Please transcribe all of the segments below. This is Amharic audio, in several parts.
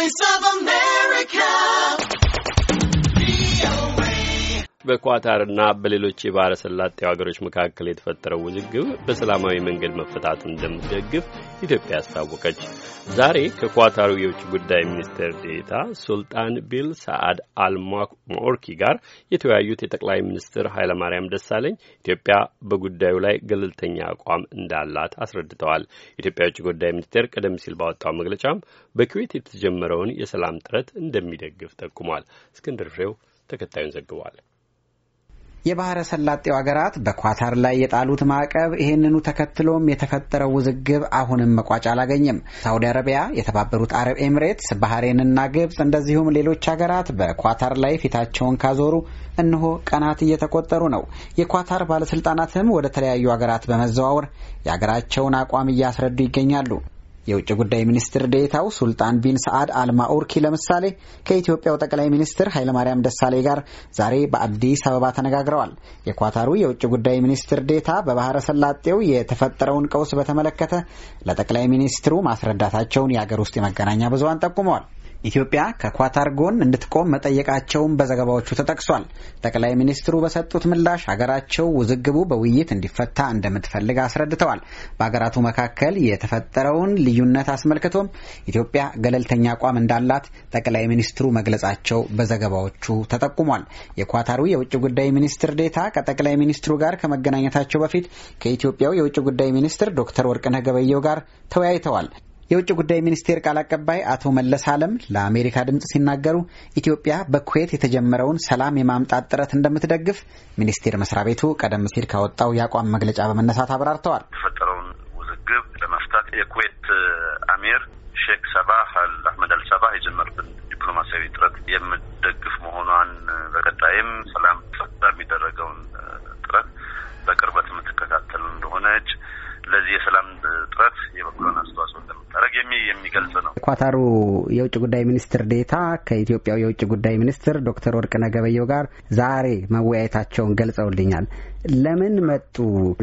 Voice of በኳታርና በሌሎች የባህረ ሰላጤው ሀገሮች መካከል የተፈጠረው ውዝግብ በሰላማዊ መንገድ መፈታት እንደምትደግፍ ኢትዮጵያ አስታወቀች። ዛሬ ከኳታሩ የውጭ ጉዳይ ሚኒስትር ዴታ ሱልጣን ቢል ሳዕድ አልሞርኪ ጋር የተወያዩት የጠቅላይ ሚኒስትር ኃይለማርያም ደሳለኝ ኢትዮጵያ በጉዳዩ ላይ ገለልተኛ አቋም እንዳላት አስረድተዋል። የኢትዮጵያ የውጭ ጉዳይ ሚኒስቴር ቀደም ሲል ባወጣው መግለጫም በኩዌት የተጀመረውን የሰላም ጥረት እንደሚደግፍ ጠቁሟል። እስክንድር ፍሬው ተከታዩን ዘግቧል። የባህረ ሰላጤው ሀገራት በኳታር ላይ የጣሉት ማዕቀብ ይህንኑ ተከትሎም የተፈጠረው ውዝግብ አሁንም መቋጫ አላገኘም። ሳውዲ አረቢያ፣ የተባበሩት አረብ ኤምሬትስ፣ ባህሬንና ግብፅ እንደዚሁም ሌሎች ሀገራት በኳታር ላይ ፊታቸውን ካዞሩ እነሆ ቀናት እየተቆጠሩ ነው። የኳታር ባለስልጣናትም ወደ ተለያዩ ሀገራት በመዘዋወር የሀገራቸውን አቋም እያስረዱ ይገኛሉ። የውጭ ጉዳይ ሚኒስትር ዴታው ሱልጣን ቢን ሰዓድ አልማኡርኪ ለምሳሌ ከኢትዮጵያው ጠቅላይ ሚኒስትር ኃይለማርያም ደሳሌ ጋር ዛሬ በአዲስ አበባ ተነጋግረዋል። የኳታሩ የውጭ ጉዳይ ሚኒስትር ዴታ በባህረ ሰላጤው የተፈጠረውን ቀውስ በተመለከተ ለጠቅላይ ሚኒስትሩ ማስረዳታቸውን የአገር ውስጥ የመገናኛ ብዙሃን ጠቁመዋል። ኢትዮጵያ ከኳታር ጎን እንድትቆም መጠየቃቸውን በዘገባዎቹ ተጠቅሷል። ጠቅላይ ሚኒስትሩ በሰጡት ምላሽ ሀገራቸው ውዝግቡ በውይይት እንዲፈታ እንደምትፈልግ አስረድተዋል። በሀገራቱ መካከል የተፈጠረውን ልዩነት አስመልክቶም ኢትዮጵያ ገለልተኛ አቋም እንዳላት ጠቅላይ ሚኒስትሩ መግለጻቸው በዘገባዎቹ ተጠቁሟል። የኳታሩ የውጭ ጉዳይ ሚኒስትር ዴታ ከጠቅላይ ሚኒስትሩ ጋር ከመገናኘታቸው በፊት ከኢትዮጵያው የውጭ ጉዳይ ሚኒስትር ዶክተር ወርቅነህ ገበየው ጋር ተወያይተዋል። የውጭ ጉዳይ ሚኒስቴር ቃል አቀባይ አቶ መለስ አለም ለአሜሪካ ድምፅ ሲናገሩ ኢትዮጵያ በኩዌት የተጀመረውን ሰላም የማምጣት ጥረት እንደምትደግፍ ሚኒስቴር መስሪያ ቤቱ ቀደም ሲል ካወጣው የአቋም መግለጫ በመነሳት አብራርተዋል። የተፈጠረውን ውዝግብ ለመፍታት የኩዌት አሚር ሼክ ሰባህ አልአህመድ አልሰባህ የጀመሩትን ዲፕሎማሲያዊ ጥረት የምደግፍ መሆኗን በቀጣይም ሰላም ፈታ የሚደረገውን ጥረት በቅርበት የምትከታተል እንደሆነች ለዚህ የሰላም ጥረት የበኩሏን አስተዋጽኦ እንደምት ረገሜ የሚገልጽ ነው። ኳታሩ የውጭ ጉዳይ ሚኒስትር ዴታ ከኢትዮጵያው የውጭ ጉዳይ ሚኒስትር ዶክተር ወርቅነህ ገበየሁ ጋር ዛሬ መወያየታቸውን ገልጸውልኛል። ለምን መጡ?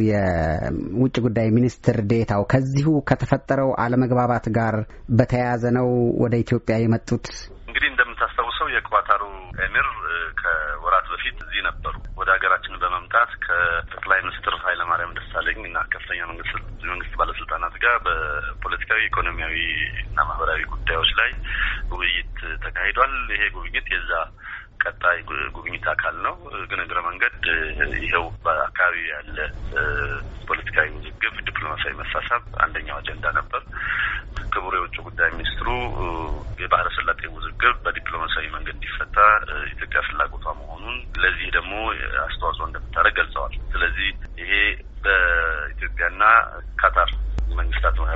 የውጭ ጉዳይ ሚኒስትር ዴታው ከዚሁ ከተፈጠረው አለመግባባት ጋር በተያያዘ ነው ወደ ኢትዮጵያ የመጡት? እንግዲህ እንደምታስታውሰው የኳታሩ ኤሚር ከወራት በፊት እዚህ ነበሩ ወደ ላይ ውይይት ተካሂዷል። ይሄ ጉብኝት የዛ ቀጣይ ጉብኝት አካል ነው። ግን እግረ መንገድ ይኸው በአካባቢ ያለ ፖለቲካዊ ውዝግብ፣ ዲፕሎማሲያዊ መሳሳብ አንደኛው አጀንዳ ነበር። ክቡር የውጭ ጉዳይ ሚኒስትሩ የባህረ ሰላጤ ውዝግብ በዲፕሎማሲያዊ መንገድ እንዲፈታ ኢትዮጵያ ፍላጎት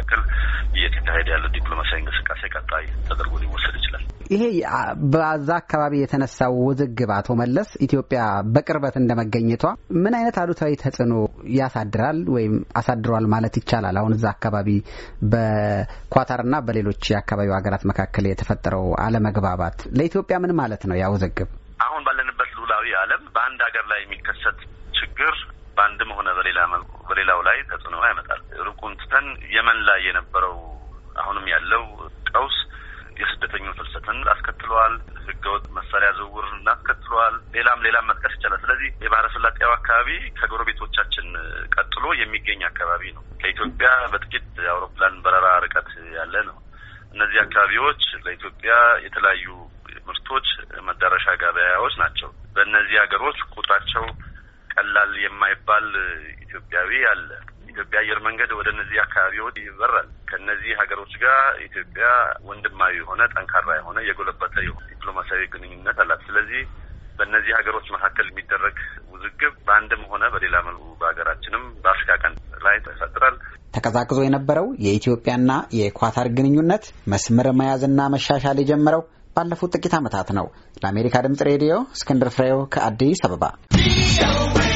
መካከል እየተካሄደ ያለው ዲፕሎማሲያዊ እንቅስቃሴ ቀጣይ ተደርጎ ሊወሰድ ይችላል። ይሄ በዛ አካባቢ የተነሳው ውዝግብ አቶ መለስ ኢትዮጵያ በቅርበት እንደመገኘቷ ምን አይነት አሉታዊ ተጽዕኖ ያሳድራል ወይም አሳድሯል ማለት ይቻላል? አሁን እዛ አካባቢ በኳታርና በሌሎች የአካባቢው ሀገራት መካከል የተፈጠረው አለመግባባት ለኢትዮጵያ ምን ማለት ነው? ያ ውዝግብ አሁን ባለንበት ሉላዊ ዓለም በአንድ ሀገር ላይ የሚከሰት ችግር በአንድም ሆነ በሌላ በሌላው ላይ ተጽዕኖ ያመጣል። ተነስተን የመን ላይ የነበረው አሁንም ያለው ቀውስ የስደተኞች ፍልሰትን አስከትለዋል። ህገወጥ መሳሪያ ዝውውርን አስከትለዋል። ሌላም ሌላም መጥቀስ ይቻላል። ስለዚህ የባህረ ሰላጤው አካባቢ ከጎረቤቶቻችን ቀጥሎ የሚገኝ አካባቢ ነው። ከኢትዮጵያ በጥቂት የአውሮፕላን በረራ ርቀት ያለ ነው። እነዚህ አካባቢዎች ለኢትዮጵያ የተለያዩ ምርቶች መዳረሻ ገበያዎች ናቸው። በእነዚህ ሀገሮች ቁጥራቸው ቀላል የማይባል ኢትዮጵያዊ አለ። ኢትዮጵያ አየር መንገድ ወደ እነዚህ አካባቢዎች ይበራል። ከእነዚህ ሀገሮች ጋር ኢትዮጵያ ወንድማዊ የሆነ ጠንካራ የሆነ የጎለበተ የሆነ ዲፕሎማሲያዊ ግንኙነት አላት። ስለዚህ በእነዚህ ሀገሮች መካከል የሚደረግ ውዝግብ በአንድም ሆነ በሌላ መልኩ በሀገራችንም በአፍሪካ ቀንድ ላይ ያሳድራል። ተቀዛቅዞ የነበረው የኢትዮጵያና የኳታር ግንኙነት መስመር መያዝና መሻሻል የጀመረው ባለፉት ጥቂት ዓመታት ነው። ለአሜሪካ ድምፅ ሬዲዮ እስክንድር ፍሬው ከአዲስ አበባ